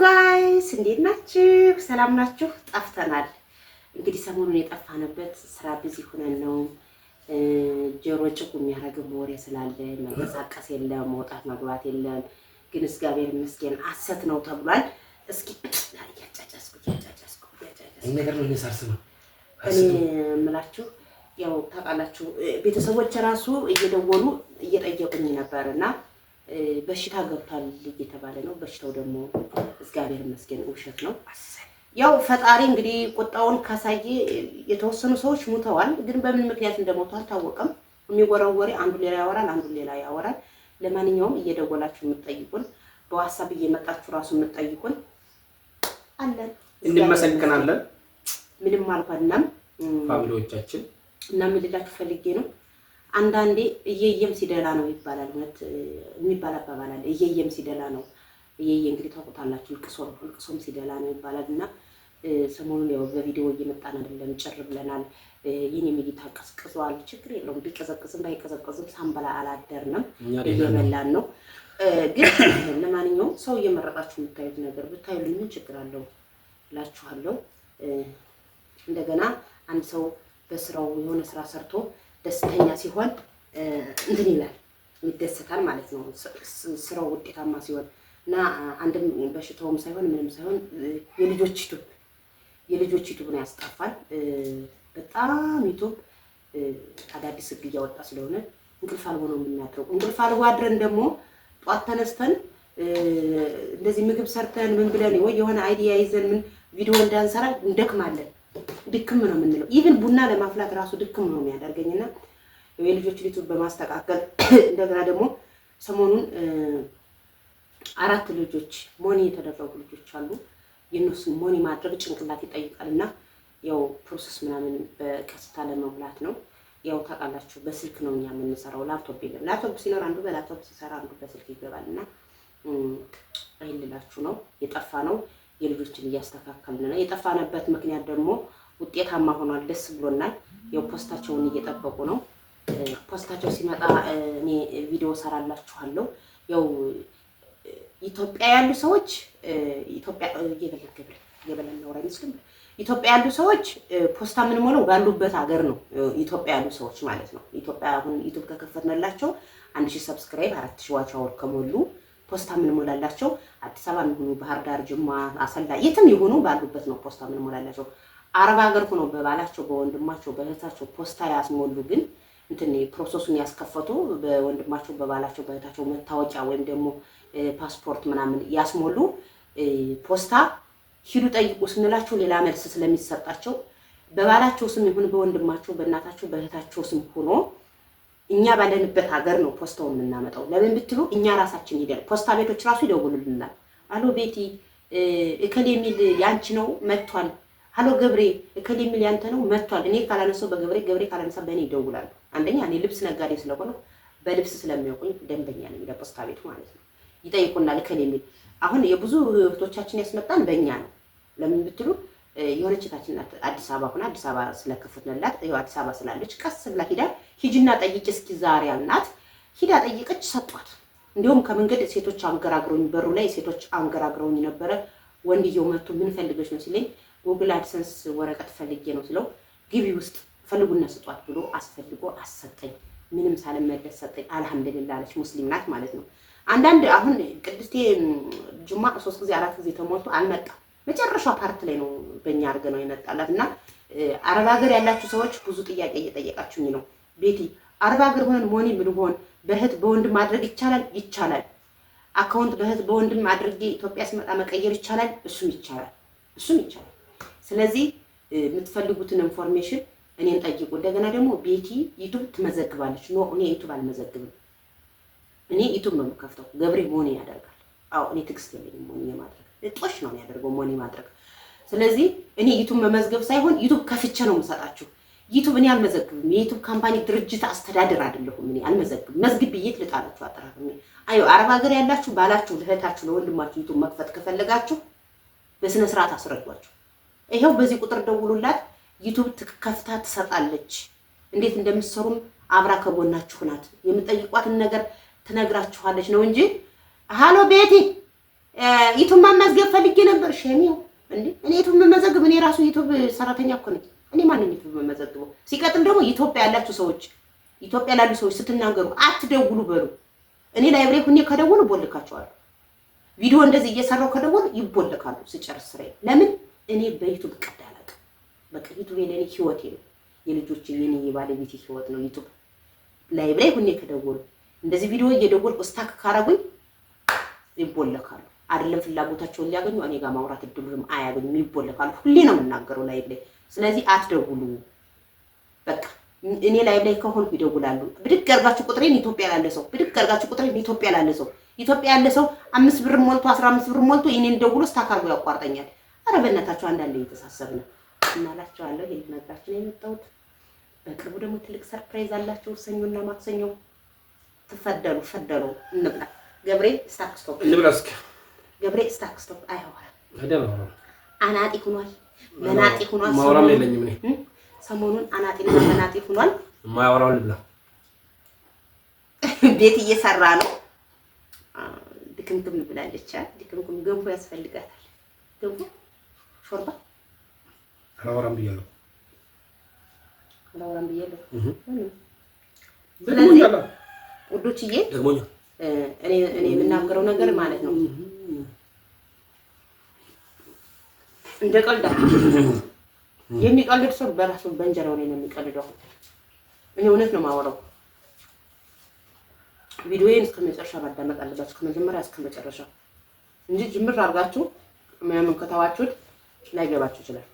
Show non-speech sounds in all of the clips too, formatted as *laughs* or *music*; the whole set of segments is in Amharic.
ጋይስ እንዴት ናችሁ? ሰላም ናችሁ? ጠፍተናል። እንግዲህ ሰሞኑን የጠፋንበት ስራ ቢዚ ሆነን ነው። ጆሮ ጭቁ የሚያደርግም ወሬ ስላለ መንቀሳቀስ የለም፣ መውጣት መግባት የለም። ግን እግዚአብሔር ይመስገን አሰት ነው ተብሏል። እስኪ የምላችሁ ያው ታውቃላችሁ ቤተሰቦች ራሱ እየደወሉ እየጠየቁኝ ነበር እና በሽታ ገብቷል እየተባለ ነው። በሽታው ደግሞ እግዚአብሔር ይመስገን ውሸት ነው። ያው ፈጣሪ እንግዲህ ቁጣውን ካሳየ የተወሰኑ ሰዎች ሙተዋል። ግን በምን ምክንያት እንደሞቱ አልታወቀም። የሚወራው ወሬ አንዱ ሌላ ያወራል፣ አንዱ ሌላ ያወራል። ለማንኛውም እየደወላችሁ የምትጠይቁን፣ በዋሳብ እየመጣችሁ ራሱ የምትጠይቁን አለን፣ እንመሰግናለን። ምንም እናም ፋሚሊዎቻችን እና ምልላችሁ ፈልጌ ነው አንዳንዴ እየየም ሲደላ ነው ይባላል። እውነት የሚባል አባባል አለ። እየየም ሲደላ ነው እየየ እንግዲህ ታውቁታላችሁ። እልቅሶም ሲደላ ነው ይባላል እና ሰሞኑን ያው በቪዲዮ እየመጣን አይደለም፣ ጭር ብለናል። ይህን የሚጌታ ቀዝቅዟል። ችግር የለውም ቢቀዘቅዝም ባይቀዘቅዝም ሳንበላ አላደርንም፣ እየበላን ነው። ግን ለማንኛውም ሰው እየመረጣችሁ የምታዩት ነገር ብታዩልኝ ምን ችግር አለው እላችኋለሁ። እንደገና አንድ ሰው በስራው የሆነ ስራ ሰርቶ ደስተኛ ሲሆን እንትን ይላል ይደሰታል ማለት ነው። ስራው ውጤታማ ሲሆን እና አንድም በሽታውም ሳይሆን ምንም ሳይሆን የልጆች ዩቱብ የልጆች ዩቱብ ነው ያስጠፋል። በጣም ዩቱብ አዳዲስ ህግ እያወጣ ስለሆነ እንቅልፍ አልቦ ነው የምናድረው። እንቅልፍ አልቦ አድረን ደግሞ ጧት ተነስተን እንደዚህ ምግብ ሰርተን ምን ብለን ወይ የሆነ አይዲያ ይዘን ምን ቪዲዮ እንዳንሰራ እንደክማለን። ድክም ነው የምንለው። ኢቭን ቡና ለማፍላት ራሱ ድክም ነው የሚያደርገኝና የልጆች ሊቱ በማስተካከል *clears throat* እንደገና ደግሞ ሰሞኑን አራት ልጆች ሞኒ የተደረጉ ልጆች አሉ። የነሱን ሞኒ ማድረግ ጭንቅላት ይጠይቃል እና ያው ፕሮሰስ ምናምን በቀስታ ለመሙላት ነው። ያው ታውቃላችሁ፣ በስልክ ነው እኛ የምንሰራው። ላፕቶፕ የለም። ላፕቶፕ ሲኖር አንዱ በላፕቶፕ ሲሰራ አንዱ በስልክ ይገባል እና አይልላችሁ ነው የጠፋ ነው። የልጆችን እያስተካከልን ነው። የጠፋንበት ምክንያት ደግሞ ውጤታማ ሆኗል። ደስ ብሎናል። ያው ፖስታቸውን እየጠበቁ ነው። ፖስታቸው ሲመጣ እኔ ቪዲዮ ሰራላችኋለሁ። ያው ኢትዮጵያ ያሉ ሰዎች ኢትዮጵያ እየበለገበለ እየበለን ነው አይመስልም። ኢትዮጵያ ያሉ ሰዎች ፖስታ ምን የምንሞላው ባሉበት ሀገር ነው። ኢትዮጵያ ያሉ ሰዎች ማለት ነው። ኢትዮጵያ አሁን ዩቱብ ከከፈትንላቸው አንድ ሺህ ሰብስክራይብ አራት ሺህ ዋች አወር ከሞሉ ፖስታ የምንሞላላቸው አዲስ አበባ የሚሆኑ ባህር ዳር፣ ጅማ፣ አሰላ የትም የሆኑ ባሉበት ነው ፖስታ የምንሞላላቸው። አረብ ሀገር ሆነው በባላቸው በወንድማቸው በእህታቸው ፖስታ ያስሞሉ ግን እንትን ፕሮሰሱን ያስከፈቱ በወንድማቸው በባላቸው በእህታቸው መታወቂያ ወይም ደግሞ ፓስፖርት ምናምን ያስሞሉ ፖስታ ሂዱ ጠይቁ ስንላቸው ሌላ መልስ ስለሚሰጣቸው በባላቸው ስም ይሁን በወንድማቸው በእናታቸው በእህታቸው ስም ሆኖ እኛ ባለንበት ሀገር ነው ፖስታው የምናመጣው። ለምን ብትሉ እኛ ራሳችን ሄደን ፖስታ ቤቶች ራሱ ይደውሉልናል። አሎ ቤቲ እከሌ የሚል ያንቺ ነው መጥቷል። አሎ ገብሬ እከሌ የሚል ያንተ ነው መጥቷል። እኔ ካላነሳው በገብሬ ገብሬ ካላነሳ በእኔ ይደውላሉ። አንደኛ እኔ ልብስ ነጋዴ ስለሆነ በልብስ ስለሚያውቁኝ ደንበኛ ነኝ ለፖስታ ቤቱ ማለት ነው። ይጠይቁናል እከሌ የሚል አሁን የብዙ እህቶቻችን ያስመጣን በእኛ ነው። ለምን ብትሉ የሆነች ታችን አዲስ አበባ ሁና አዲስ አበባ ስለከፈትንላት ይኸው አዲስ አበባ ስላለች ቀስ ብላ ሂዳ ሂጅና ጠይቂ እስኪ ዛሬ አልናት። ሂዳ ጠይቀች፣ ሰጧት። እንዲሁም ከመንገድ ሴቶች አንገራግረውኝ በሩ ላይ ሴቶች አንገራግረውኝ ነበረ። ወንድየው መጥቶ ምን ፈልገች ነው ሲለኝ ጉግል አድሰንስ ወረቀት ፈልጌ ነው ስለው ግቢ ውስጥ ፈልጉና ስጧት ብሎ አስፈልጎ አሰጠኝ። ምንም ሳልመለስ ሰጠኝ። አልሐምድልላ አለች። ሙስሊም ናት ማለት ነው። አንዳንድ አሁን ቅድስቴ ጁማ ሶስት ጊዜ አራት ጊዜ ተሞልቶ አልመጣም መጨረሻ ፓርት ላይ ነው በእኛ አድርገ ነው የነጣላት እና አረብ ሀገር ያላችሁ ሰዎች ብዙ ጥያቄ እየጠየቃችሁኝ ነው። ቤቲ አረብ ሀገር ሆነን ሞኒ ብንሆን በእህት በወንድ ማድረግ ይቻላል? ይቻላል። አካውንት በእህት በወንድ ማድረግ ኢትዮጵያ ስመጣ መቀየር ይቻላል? እሱም ይቻላል፣ እሱም ይቻላል። ስለዚህ የምትፈልጉትን ኢንፎርሜሽን እኔን ጠይቁ። እንደገና ደግሞ ቤቲ ዩቱብ ትመዘግባለች። ኖ እኔ ዩቱብ አልመዘግብም። እኔ ዩቱብ ነው የምከፍተው። ገብሬ መሆኔ ያደርጋል። አዎ እኔ ትዕግስት የለኝም ሆኜ የማድረግ ልጦሽ ነው የሚያደርገው ሞኒ ማድረግ። ስለዚህ እኔ ዩቱብ መመዝገብ ሳይሆን ዩቱብ ከፍቼ ነው የምሰጣችሁ። ዩቱብ እኔ አልመዘግብም። የዩቱብ ካምፓኒ ድርጅት አስተዳደር አይደለሁም። እኔ አልመዘግብም። መዝግብ ብዬት ልጣላችሁ አጠራቅሜ። አዩ አረብ ሀገር ያላችሁ ባላችሁ ልህታችሁ ለወንድማችሁ ዩቱብ መክፈት ከፈለጋችሁ በስነ ስርዓት አስረዷችሁ። ይኸው በዚህ ቁጥር ደውሉላት። ዩቱብ ከፍታ ትሰጣለች። እንዴት እንደምትሰሩም አብራ ከጎናችሁ ናት። የምጠይቋትን ነገር ትነግራችኋለች ነው እንጂ ሀሎ ቤቲ ዩቱብ ማመዝገብ ፈልጌ ነበር። ሸሚው እንዴ እኔ ዩቱብ መመዘግብ እኔ ራሱ ዩቱብ ሰራተኛ እኮ ነኝ። እኔ ማንን ዩቱብ መመዘግበው? ሲቀጥል ደግሞ ኢትዮጵያ ያላችሁ ሰዎች ኢትዮጵያ ላሉ ሰዎች ስትናገሩ አትደውሉ በሉ። እኔ ላይብሬ ሁኔ ከደውሉ ቦልካቸዋለሁ። ቪዲዮ እንደዚህ እየሰራው ከደውሉ ይቦልካሉ። ስጨርስ ስራ ለምን እኔ በዩቱብ ቀዳ አላውቅም። በቃ ዩቱብ የኔ ህይወቴ ነው። የልጆች የኔ የባለቤቴ ህይወት ነው ዩቱብ። ላይብሬ ሁኔ ከደውሉ እንደዚህ ቪዲዮ እየደወልኩ ስታክ ካረጉኝ ይቦልካሉ። አይደለም ፍላጎታቸውን ሊያገኙ እኔ ጋር ማውራት እድሉንም አያገኙም፣ ይቦልካሉ። ሁሌ ነው የምናገረው ላይ ላይ። ስለዚህ አትደውሉ በቃ። እኔ ላይ ላይ ከሆንኩ ይደውላሉ። ብድግ አድርጋችሁ ቁጥሬን ኢትዮጵያ ላለ ሰው ብድግ አድርጋችሁ ቁጥሬን ኢትዮጵያ ላለ ሰው ኢትዮጵያ ያለ ሰው አምስት ብር ሞልቶ አስራ አምስት ብር ሞልቶ የኔን ደውሎ ስታካርጎ ያቋርጠኛል። አረ በእናታችሁ አንዳንድ እየተሳሰብ ነው እናላቸዋለሁ። ይህ ነው የመጣሁት በቅርቡ ደግሞ ትልቅ ሰርፕራይዝ አላቸው። ሰኞና ማክሰኞ ትፈደሉ ፈደሉ እንብላ ገብሬ ስታክስቶ እንብላ እስኪ ገብሬ ስታክ ስቶፕ አይሆንም። አናጢ ሁኗል፣ መናጢ ሁኗል። ማውራም የለኝም እኔ ሰሞኑን አናጢና መናጢ ሁኗል። ማያወራውን ልብላ *laughs* ቤት እየሰራ ነው። ድክምክም ብላለች። ድክምክም ገንፎ ያስፈልጋታል። ገንፎ ሾርባ አላወራም ብያለሁ፣ አላወራም ብያለሁ። ስለዚህ ውዶችዬ እኔ የምናገረው ነገር ማለት ነው እንደ ቀልዳ የሚቀልድ ሰው በራሱ በእንጀራው ላይ ነው የሚቀልደው። እኔ እውነት ነው የማወራው። ቪዲዮዬን እስከ መጨረሻ ማዳመጥ አለባችሁ፣ ከመጀመሪያ እስከ መጨረሻ እንጂ ጅምር አድርጋችሁ ምናምን ከተዋችሁት ላይገባችሁ ይችላል።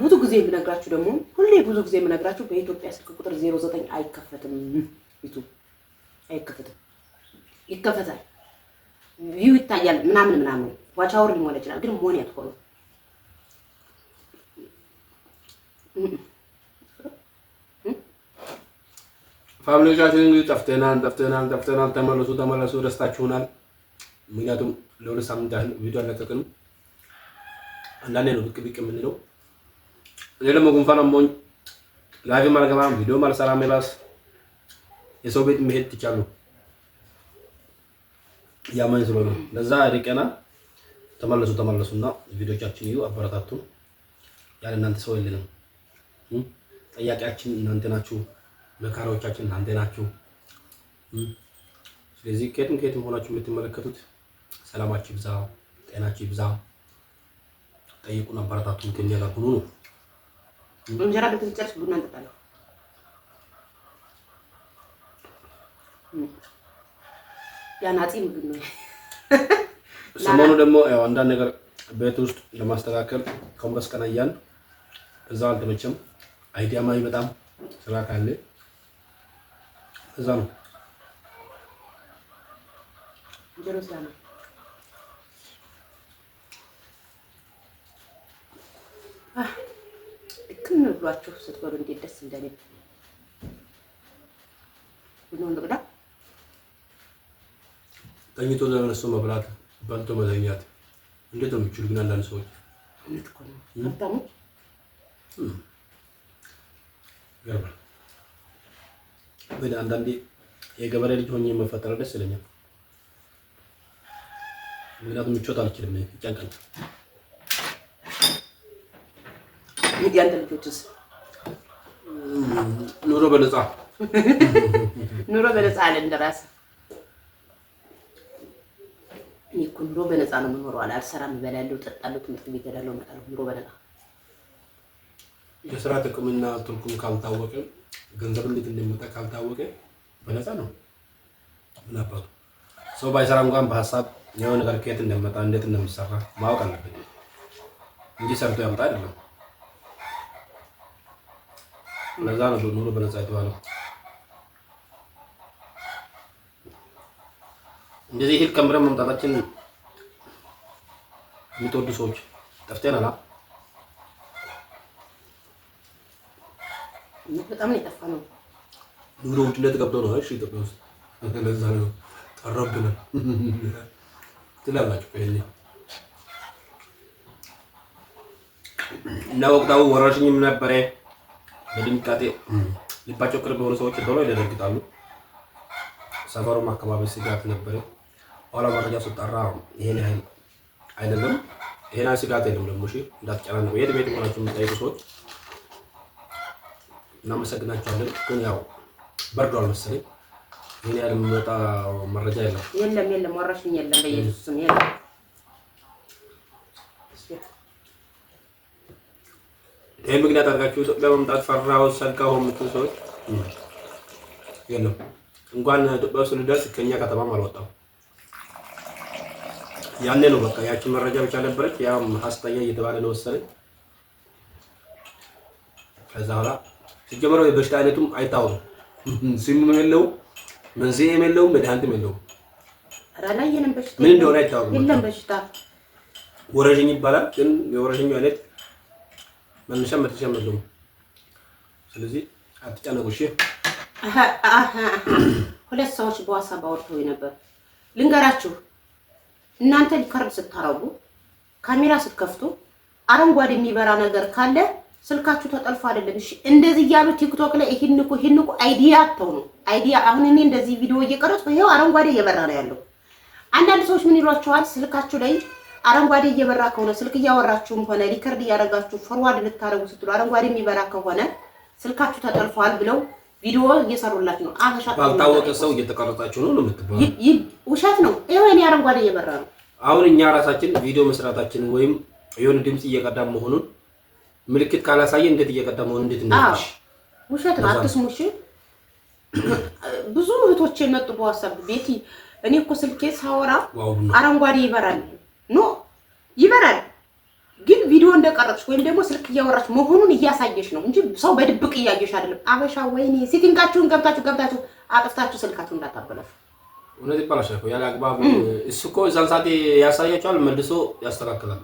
ብዙ ጊዜ የምነግራችሁ ደግሞ ሁሌ ብዙ ጊዜ የምነግራችሁ በኢትዮጵያ ስልክ ቁጥር ዜሮ ዘጠኝ አይከፈትም፣ ዩቱብ አይከፈትም። ይከፈታል፣ ይህ ይታያል ምናምን ምናምን ዋቻውር ሊሆን ይችላል፣ ግን መሆን ያትሆኑ ፋሚሊዎቻችን እንግዲህ ጠፍተናል ጠፍተናል ጠፍተናል፣ ተመለሱ ተመለሱ፣ ደስታችሁናል። ምክንያቱም ለሁለት ሳምንት ያህል ቪዲዮ አለቀቅንም። አንዳንዴ ነው ብቅ ብቅ የምንለው። እኔ ደግሞ ጉንፋን አሞኝ ላይቭ አልገባም ቪዲዮም አልሰራም። የባስ የሰው ቤት መሄድ ትቻሉ ያማኝ ስለሆነ ለዛ ሪቀና ተመለሱ ተመለሱና ቪዲዮቻችን እዩ፣ አበረታቱን። ያለ እናንተ ሰው የለንም። ጠያቂያችን እናንተ ናችሁ፣ መካሪዎቻችን እናንተ ናችሁ። ስለዚህ ከየትም ከየትም ሆናችሁ የምትመለከቱት ሰላማችሁ ይብዛ፣ ጤናችሁ ይብዛ። ጠይቁን፣ አበረታቱን። ከኛ ጋር ሁኑ ነው። እንጀራ ብትጨርስ ቡና እንጠጣለን። ያ ናጺ ምግብ ነው። ሰሞኑ ደግሞ ያው አንዳንድ ነገር ቤት ውስጥ ለማስተካከል ኮምረስ ቀናያን እዛ አልተመቸም። አይዲያ ማይ በጣም ስራ ካለ እዛ ነው እክም ብሏችሁ ስትበሉ እንዴት ደስ እንደሚል ብሎ እንብላ ተኝቶ ለነሱ መብላት በልቶ መተኛት እንዴት ነው የምችሉ? ግን አንዳንድ ሰዎች ግን አንዳንዴ የገበሬ ልጅ ሆኜ መፈጠር ደስ ይለኛል። ምክንያቱም ምቾት አልችልም፣ ያንተ ልጆችስ ኑሮ በነፃ ኑሮ በነፃ አለ እንደራስህ እኔ እኮ ኑሮ በነፃ ነው የምኖረው አለ አልሰራም፣ እበላለሁ፣ እጠጣለሁ፣ ትምህርት ቤት እሄዳለሁ፣ እመጣለሁ። ኑሮ በነፃ የስራ ጥቅምና ትርጉም ካልታወቀ ገንዘብ እንዴት እንደሚመጣ ካልታወቀ በነፃ ነው ምናባቱ ሰው ባይሰራ እንኳን በሀሳብ የሆነ ነገር ከየት እንደሚመጣ እንዴት እንደሚሰራ ማወቅ አለበት እንጂ ሰርቶ ያምጣ አይደለም። ለዛ ነው ኑሮ በነፃ የተባለው። እንደዚህ እህል ቀምረን መምጣታችን የምትወዱ ሰዎች ጠፍተናል። በጣም ነው የጠፋነው። ወደ ውጭነት ገብተው ነው። እሺ ኢትዮጵያ ውስጥ ለዛ ነው ጠረብን ትላላችሁ። ይሄ እና ወቅታዊ ወረርሽኝም ነበረ። በድንጋጤ ልባቸው ቅርብ የሆኑ ሰዎች ቶሎ ይደነግጣሉ። ሰፈሩም አካባቢ ስጋት ነበረ። ኋላ መረጃ ስጠራ ይሄን ያህል አይደለም፣ ይሄን ያህል ስጋት የለም። ደግሞ እሺ እንዳትጨናነቁ፣ የት ቤት ሆናችሁ የምጠይቁ ሰዎች እናመሰግናችኋለን። ግን ያው በርዷል መሰለኝ፣ ይሄን ያህል የሚመጣ መረጃ የለም። የለም የለም፣ ወረርሽኝ የለም፣ በኢየሱስ ስም የለም። ይህ ምክንያት አድርጋችሁ ኢትዮጵያ መምጣት ፈራሁ ሰጋሁ የምትሉ ሰዎች የለም። እንኳን ኢትዮጵያ ውስጥ ልደርስ ከኛ ከተማም አልወጣም። ያኔ ነው በቃ ያችን መረጃ ብቻ ነበረች። ያም ሀሰተኛ እየተባለ ነው ወሰነኝ። ከዛ በኋላ ሲጀመረው የበሽታ አይነቱም አይታወቅም፣ ስሙም የለውም፣ መንስኤም የለውም፣ መድኃኒትም የለውም። ምን እንደሆነ አይታወቅም። በሽታ ወረርሽኝ ይባላል፣ ግን የወረርሽኙ አይነት መነሻ መድረሻም የለውም። ስለዚህ አትጨነቁ እሺ። ሁለት ሰዎች በዋሳ ባወርተው ነበር ልንገራችሁ እናንተ ሪከርድ ስታረጉ ካሜራ ስትከፍቱ አረንጓዴ የሚበራ ነገር ካለ ስልካችሁ ተጠልፎ አይደለም። እሺ እንደዚህ እያሉ ቲክቶክ ላይ ይሄን እኮ ይሄን እኮ አይዲያ አጥተው ነው አይዲያ። አሁን እኔ እንደዚህ ቪዲዮ እየቀረጽኩ ይሄው አረንጓዴ እየበራ ነው ያለው። አንዳንድ ሰዎች ምን ይሏቸዋል? ስልካችሁ ላይ አረንጓዴ እየበራ ከሆነ ስልክ እያወራችሁም ሆነ ሪከርድ እያደረጋችሁ ፎርዋርድ ልታረጉ ስትሉ አረንጓዴ የሚበራ ከሆነ ስልካችሁ ተጠልፏል ብለው ቪዲዮ እየሰሩላችሁ ነው። አበሻ ባልታወቀ ሰው እየተቀረጻችሁ ነው የምትባሉ ውሸት ነው። ይሄ እኔ አረንጓዴ እየበራ ነው። አሁን እኛ ራሳችን ቪዲዮ መስራታችን ወይም የሆነ ድምጽ እየቀዳም መሆኑን ምልክት ካላሳየ እንዴት እየቀዳም መሆኑን እንዴት እንደሆነሽ ውሸት ነው። አትስሙሽ። ብዙ እህቶቼ መጡ በዋሳብ ቤቲ፣ እኔ እኮ ስልኬ ሳወራ አረንጓዴ ይበራል። ኖ ይበራል ግን ቪዲዮ እንደቀረጽሽ ወይም ደግሞ ስልክ እያወራች መሆኑን እያሳየሽ ነው እንጂ ሰው በድብቅ እያየሽ አይደለም። አበሻ ወይኔ ሴቲንጋችሁን ገብታችሁ ገብታችሁ አጥፍታችሁ ስልካችሁ እንዳታበላሹ። እውነት ይባላሻል ያለ አግባብ። እሱ እኮ እዛን ሰዓት ያሳያቸዋል፣ መልሶ ያስተካክላል።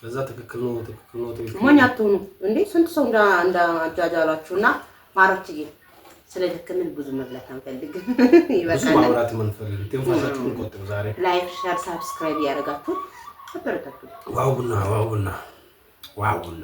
ከዛ ትክክል ነው ትክክል ነው ትክክል ሞኝ አትሆኑ እንዴ! ስንት ሰው እንዳ እንዳ እንዳጃጃላችሁ እና ማሮችዬ ስለ ደከምን ብዙ መብላት አንፈልግም። *laughs* ይበቃል። ብዙ ማውራት አንፈልግም። ቴንፋሳችሁን ቆጥብ። ዛሬ ላይክ፣ ሼር፣ ሰብስክራይብ ያደረጋችሁ ዋው ቡና ዋው ቡና ዋው ቡና